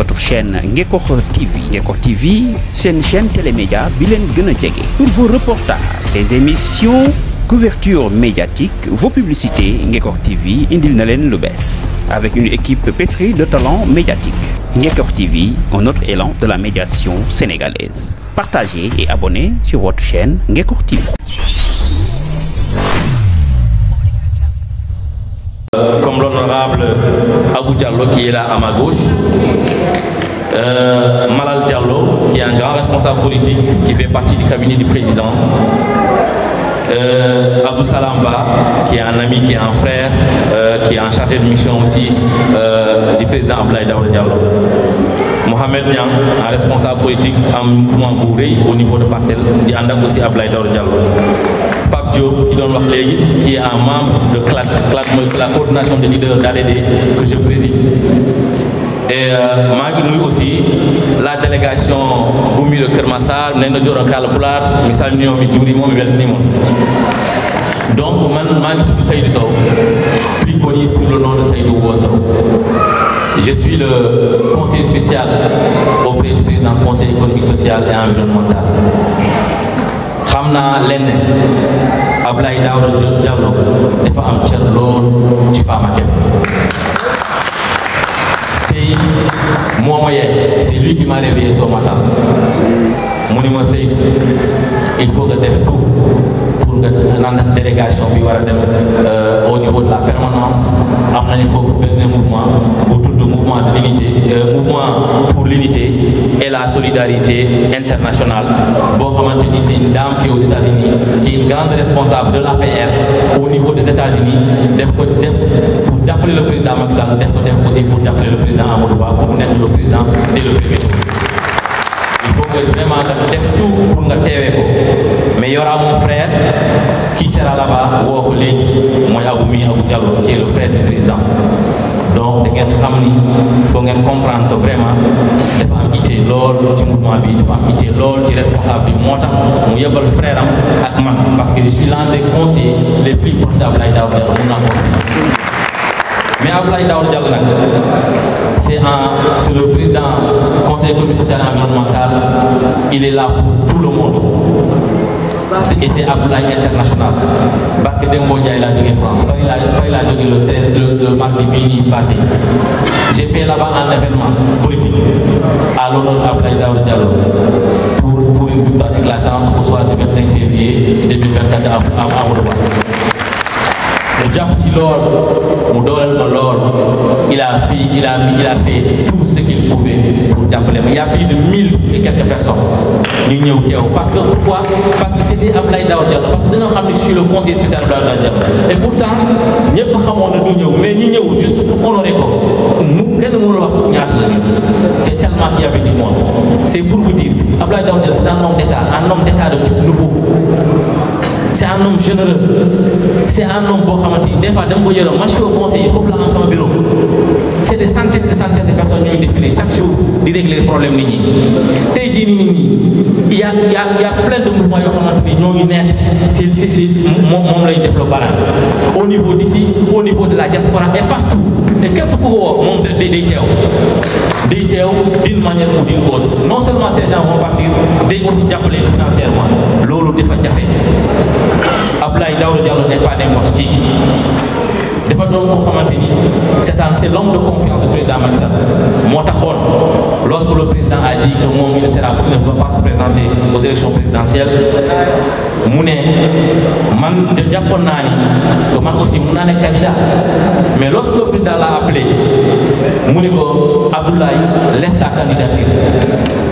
votre chaîne Ngeko TV. Ngeko TV, c'est une chaîne télémédia bilen Pour vos reportages, les émissions, couverture médiatique, vos publicités, Ngeko TV, Indil Nalen Lubes. Avec une équipe pétrie de talents médiatiques. Ngeko TV, un autre élan de la médiation sénégalaise. Partagez et abonnez sur votre chaîne Ngeko TV. l'honorable Diallo qui est là à ma gauche, euh, Malal Diallo qui est un grand responsable politique qui fait partie du cabinet du président, euh, Salamba, qui est un ami, qui est un frère, euh, qui est en charge de mission aussi euh, du président Ablaïda Diallo. Mohamed Niang, un responsable politique en mouvement au niveau de Parcelles qui est aussi Daoud Diallo. Pape Diop qui qui est un membre de la coordination des leaders d'ADD que je préside et euh, malgré nous aussi la délégation Goumi de Kermassar, Massar nee na joron kala donc malgré tout ngi plus connu sous le nom de Seydou je suis le conseiller spécial auprès du président conseil économique social et environnemental xam naa lenn Ablaye Daouda Diallo dafa am cër lool ci Fama tey moo ma yee c'est lui qui m'a réveillé ce matin mu ni ma Seydou il faut que def tout dans la délégation euh, au niveau de la permanence il faut faire un mouvement autour du mouvement de l'unité euh, mouvement pour l'unité et la solidarité internationale Bon c'est une dame qui est aux États-Unis qui est une grande responsable de l'APR au niveau des États-Unis pour d'appeler le président Macky Sall pour d'appeler le président Amadou pour connaître le président et le premier il faut que vraiment nga def tout pour nga teewee ko mais y'aura mon frère qui sera là-bas woo ko léegi mooy Abou mi Abou Diallo qui est le frère président donc da ngeen xam ni foo ngeen comprendre que vraiment dafa am ittee lool ci mouvement bi dafa am ittee lool ci responsable bi moo tax mu yebal frère am ak man parce que je suis l'un des conseillers les plus portables ay daaw dara mun naa ko mais Abdoulaye Daoud Diallo c'est un le président conseil économique et environnemental il est là pour tout le monde et c'est Abdoulaye international Parce que des Dembo il a donné France Paris il a donné le 13, le mardi mini passé j'ai fait là-bas un événement politique à l'honneur d'Abdoulaye Daoud Diallo pour pour une victoire éclatante au soir du 25 février 2024 à à il a fait il a il a fait tout ce qu'il pouvait pour jàppale Il y a plus de mille et quelques personnes parce que pourquoi parce que c'était Ablaïda Daouda parce que nous je suis le conseiller spécial de Daouda et pourtant n'y a pas du ñëw mais ñi n'y juste pour honorer ko Quel kenn le c'est tellement qu'il y avait du monde c'est pour vous dire Ablaïda Daouda c'est un homme d'État un homme d'État de type nouveau c'est un homme généreux c'est un homme bon xamante des fois d'un ko moi je suis au conseil foofu la am bureau C'est des centaines de centaines de personnes ont défilé chaque jour de régler les problèmes il y a il y a il y a plein de mouvements qui ont été ñoo ngi c'est, c'est, si au niveau d'ici au niveau de la diaspora et partout. te képp ku woo moom day day teew day teew d'une manière ou d'une autre non seulement ces gens vont partir day aussi jàppale financièrement loolu dafa jafe Abdoulaye Daouda Diallo n'est pas n'importe qui cest l'homme de confiance du président Macky Moi, lorsque le président a dit que mon il sera ne pouvait pas se présenter aux élections présidentielles Mouné, man de que man aussi mun candidat mais lorsque le président l'a appelé mu ne dit Abdoulaye laisse ta candidature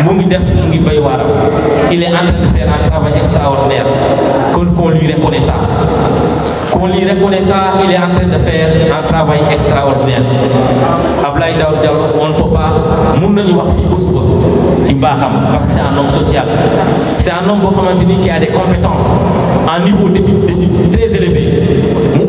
il est en train de faire un travail extraordinaire qu'on lui reconnaisse ça qu'on lui reconnaisse ça il est en train de faire un travail extraordinaire on ne peut pas parce que c'est un homme social c'est un homme qui a des compétences un niveau d'études très élevé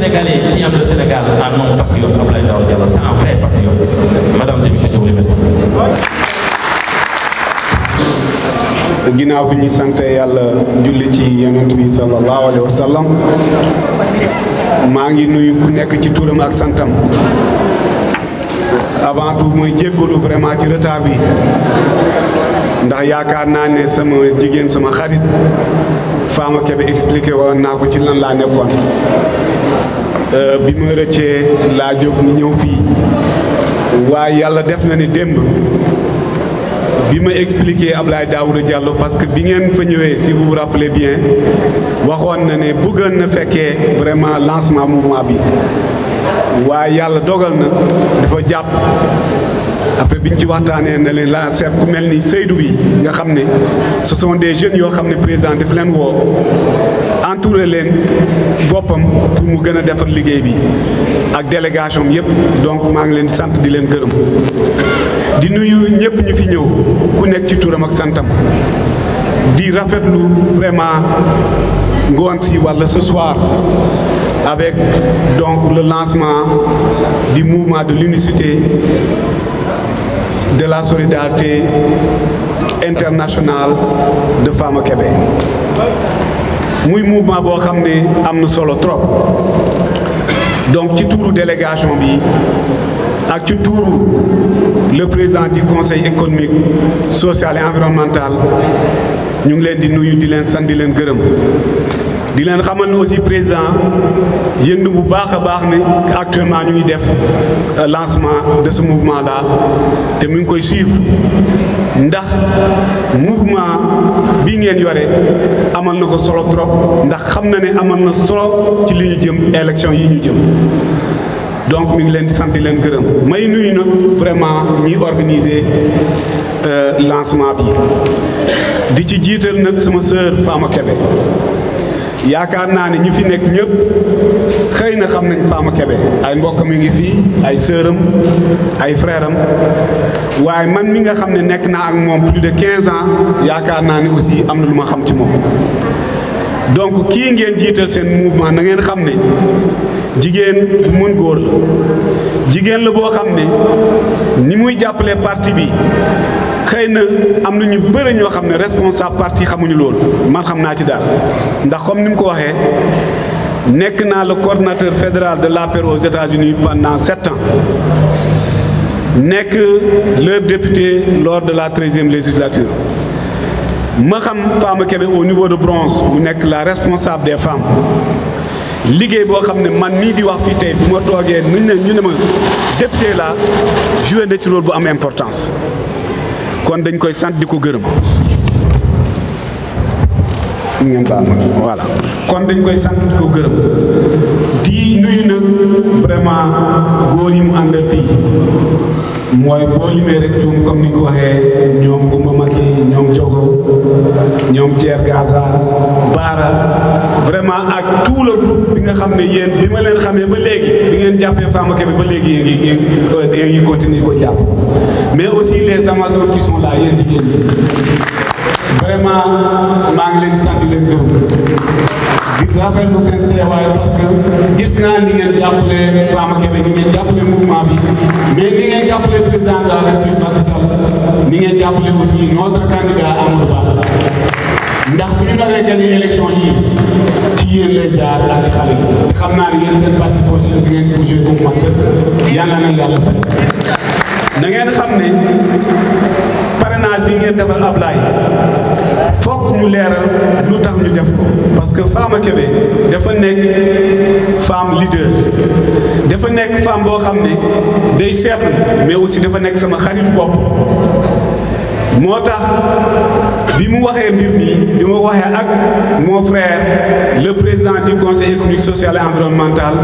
Sénégalais qui aime le Sénégal à mon patriote, Ablaï Daou Diallo, c'est un vrai patriote. Madame et je vous remercie. ginnaaw bi ñu sante yàlla julli ci yonent bi sallallahu alayhi wa sallam maa ngi nuyu ku nekk ci turam ak santam avant tout mooy jéggalu vraiment ci retard bi ndax yaakaar naa ne sama jigéen sama xarit qui avait expliqué expliquer naa ko là. la de la ni ñëw expliqué Diallo parce que bi ngeen si vous vous rappelez bien vous na ne que na avez vraiment lancement mouvement bi Wa après biñ ci waxtaanee na leen la chef ku mel Seydou bi nga xamné ce sont des jeunes yo xamné président daf leen woo entouré leen boppam pour mu gëna défar defar liggéey bi ak délégation yépp donc ma ngi leen sante di leen gëreum di nuyu ñépp ñu fi ñëw ku nekk ci touram ak santam di rafetlu vraiment ngoon si walla ce soir avec donc le lancement du mouvement de l'unicité de la solidarité internationale de femmes Québec. Québec. mouvement bo xamné am solo trop donc ci touru délégation bi ak ci tout le président du conseil économique social et environnemental ñu ngi leen di nuyu di leen sandi nous leen di leen xamal ne aussi président yëg na bu baax a baax ne actuellement ñu def euh, lancement de ce mouvement là te mu ngi koy suivre ndax mouvement bii ngeen yore amal na ko solo trop ndax xam na ne amal na solo ci li ñu jëm élection yi ñu jëm donc mu ngi leen di sant di leen gërëm may nuyu nag vraiment ñiy organiser euh, lancement bi di ci jiital nag sama sœur Fama Kébé yaakaar naa ne ñi fi nekk ñëpp xëy na xam nañ Fama Kebe ay mbokk mi ngi fii ay sëram ay frère waaye man mi nga xam ne nekk naa ak moom plus de 15 yaakaar naa ne aussi am na lu ma xam ci moom. donc kii ngeen jiital seen mouvement na ngeen xam ne jigéen bu mën góor la jigéen la boo xam ne ni muy jàppale parti bi. xeyna na am na ñu bëri ñoo xam responsable parti xamuñu lool man xamna ci daal ndax comme nim ko waxé nek na le coordinateur fédéral de l'APR aux États-Unis pendant sept ans nek leur député lors de la 13e législature ma xam femme Kébé au niveau de Bronze mu nek la responsable des femmes liguey bo xam man mii di wax fii tey bu ma togué ñu ne ma député là, jouer na ci rôle bu am importance kon dañ koy sant di ko gërëm voilà kon dañ koy sant di gërëm di nuyu nag vraiment góor yi mu àndal fii mooy boo limee rek juum comme ni ko waxee ñoom Gumba Maki ñoom Cogo ñoom Thier Gaza Baara vraiment ak tout le groupe bi nga xam ne yéen bi ma leen xamee ba léegi bi ngeen jàppee Bamba Kébé ba léegi yéen ngi yéen ngi continuer ko jàpp mais aussi leen Amazones qui sont là yéen jigéen ñi maa ngi leen di sant leen gërëm di rafetlu seen teewaay parce que gis naa ni ngeen jàppale Fama Kébé ni ngeen jàppale mouvement bi mais ni ngeen jàppale président de la République Macky Sall ni ngeen jàppale aussi notre candidat Amadou Ba ndax bu ñu naree gagné élection yi ci yéen lay jaar ak ci xam naa ni yéen seen parti projet bi ngeen poussé bu mu mat sëkk yàlla na yàlla fay na ngeen xam ne parrainage bi ngeen defal Ablaye ñu leeral lu tax ñu def ko parce que femme Kébé dafa nek femme leader dafa nek femme bo xamné ne day seetlu mais aussi dafa nek sama xarit bop motax bi mu waxé mbir mi bi ma waxee ak mon frère le président du conseil économique social et environnemental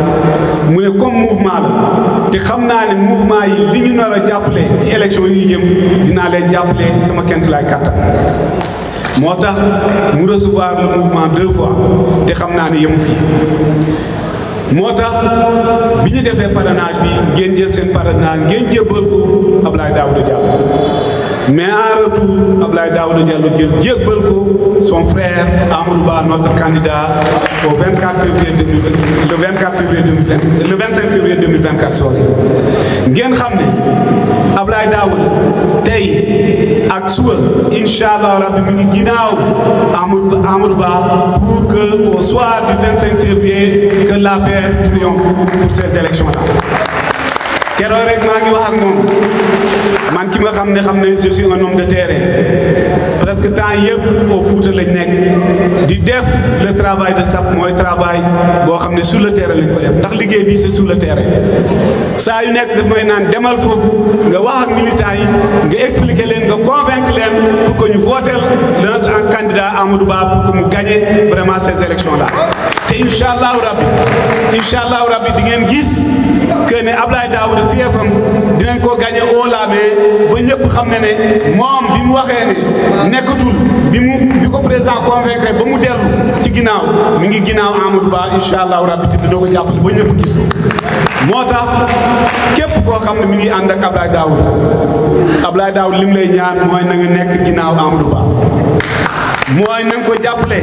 mu né comme mouvement la té xamna naa mouvement yi li ñu nara a ci élection yi jëm dina leen jàppale sama kent lay kat moo tax mu recevoir le mouvement deux fois te xam naa ne yemu fii moo tax bi ñu defee parrainage bi ngeen jël seen parrainage ngeen jébbal ko Abdoulaye Daouda Diallo mais en retour Abdoulaye Daouda Diallo jël jébbal ko son frère Amadou Ba notre candidat au 24 février 2024 le 24 février 2024 le 25 février 2024 soirée ngeen xam ne Abdoulaye Daouda. tey ak suba incha allah rabbi mu ngi ginnaaw Amadou Amadou Ba pour que au soir du février que la paix triomphe pour ces élections là. keroog rek maa ngi wax man ki ma xam ne xam ne je un homme de terrain. presque temps yëpp au Fouta lañ nekk di def le travail de SAP mooy travail boo xam ne sur le terrain lañ ko def ndax liggéey bi c'est su le terrain saa yu nekk daf may naan demal foofu nga wax ak militants yi nga expliquer leen nga convaincre leen pour que ñu voter notre candidat Amadou Ba pour que mu gagner vraiment ces élections là te incha allahu rabbi incha allahu rabbi di ngeen gis que ne Abdoulaye Daouda fii dinañ ko gagné au labé ba ñëpp xam ne ne moom bi mu waxee ne nekkatul bi mu bi ko président convaincre ba mu dellu ci ginnaaw mi ngi ginnaaw Amadou Ba incha allahu rabbi te ko jàppale ba ñëpp gis ko moo tax képp koo xam ne mi ngi ànd ak Ablaye Daouda Ablaye Daouda li mu lay ñaan mooy na nga nekk ginaaw Amadou Ba mooy na nga ko jàppale.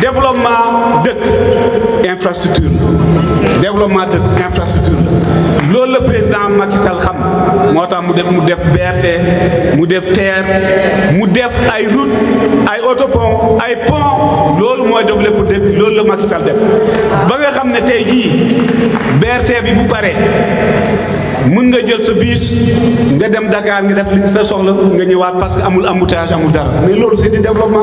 développement de infrastructure développement de infrastructure lolu le président Macky Sall xam motam mu def mu def BRT mu def terre mu def ay route ay autopont ay pont la Macky Sall def ba nga tay ji BRT bi bu nga jël bus nga dem Dakar nga def li soxla nga ñëwaat parce que amul amul mais c'est du développement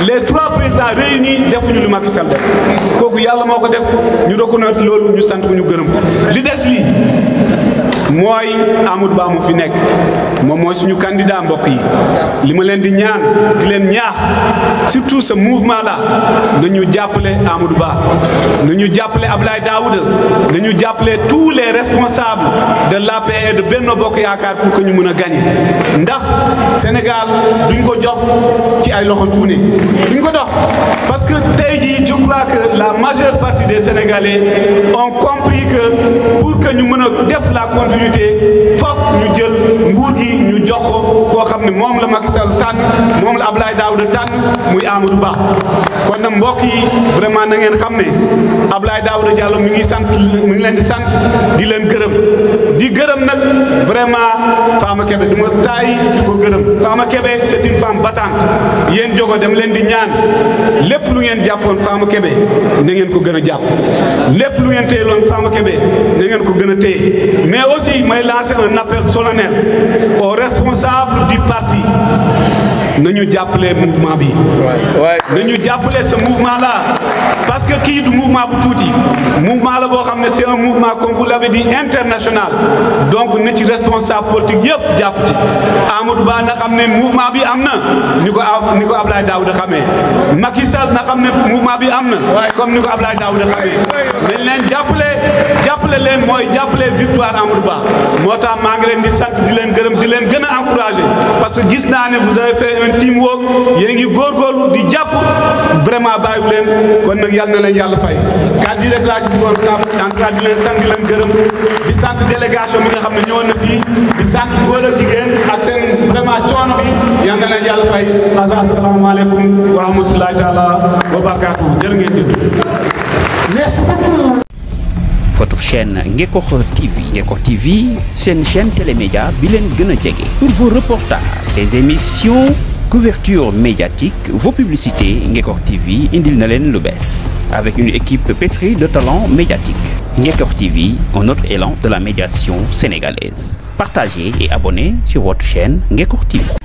les trois présidents réunis defuñu lu Macky Sall def kooku yàlla moo ko def ñu reconnaître loolu ñu sant ku ñu gërëm ko li des lii Moi, Amadou Ba mo fi nek mom moy suñu candidat mbokk yi li ma di ñaan di leen ñaax surtout ce mouvement là Nous nous Amadou Ba nous jappelé Ablaye Daouda na jappelé tous les responsables de l'APR de Benno Bokk pour que ñu mëna gagner ndax Sénégal duñ ko jox ci ay loxo cuune duñ ko dox parce que tay ji je crois que la majeure partie des Sénégalais ont compris que pour que ñu mëna def la continuité foog ñu jël nguur gi ñu jox koo xam ne moom la Macky Sall tànn moom la Abdoulaye Daouda tànn muy Amadou baax kon na mbokk yi vraiment na ngeen xam ne Abdoulaye Daouda Diallo mi ngi sant mi ngi leen di sant di leen gërëm di gërëm nag vraiment Fama kebe du ma taay di ko gërëm Fama Kébé c'est une femme battante yéen jogo dem leen di ñaan lépp lu ngeen jàppoon Fama Kébé na ngeen ko gën a jàpp lépp lu ngeen téyeloon Fama Kébé na ngeen ko gën a téye aussi là c'est un appel solennel aux responsables du parti nous nous appelons mouvement bi. nous nous appelons ce mouvement là parce que qui du mouvement bu mouvement la tout xam c'est un mouvement comme vous l'avez dit international donc nous sommes responsable politique yëpp jàpp ci Amadou Ba na mouvement bi nous avons appelé Nous avons Ablaye mouvement bi nous nous comme appelé Ablaye Nous nous jàppale leen moy jàppale victoire amourba Ba moo tax maa ngi leen di sant di len gërëm di len gëna encourager parce que gis na ne vous avez fait un team teamwork yéen gor góorgóorlu di japp vraiment bayu len kon nak yalla na len yalla fay kàddu rek la ci bëggoon xam en tout cas di leen sant di leen gërëm di sant délégation mi nga xam ne na fi di sant góor ak jigéen ak sen vraiment coono bi yalla na len yalla fay asalaamaaleykum wa rahmatullahi taala wa barakaatu jël ngeen jëf merci beaucoup votre chaîne Ngeko TV. Ngeko TV, c'est une chaîne télémédia bilen Pour vos reportages, les émissions, couverture médiatique, vos publicités, Ngeko TV, Indil Nalen Lubes. Avec une équipe pétrie de talents médiatiques. Ngeko TV, un autre élan de la médiation sénégalaise. Partagez et abonnez sur votre chaîne Ngeko TV.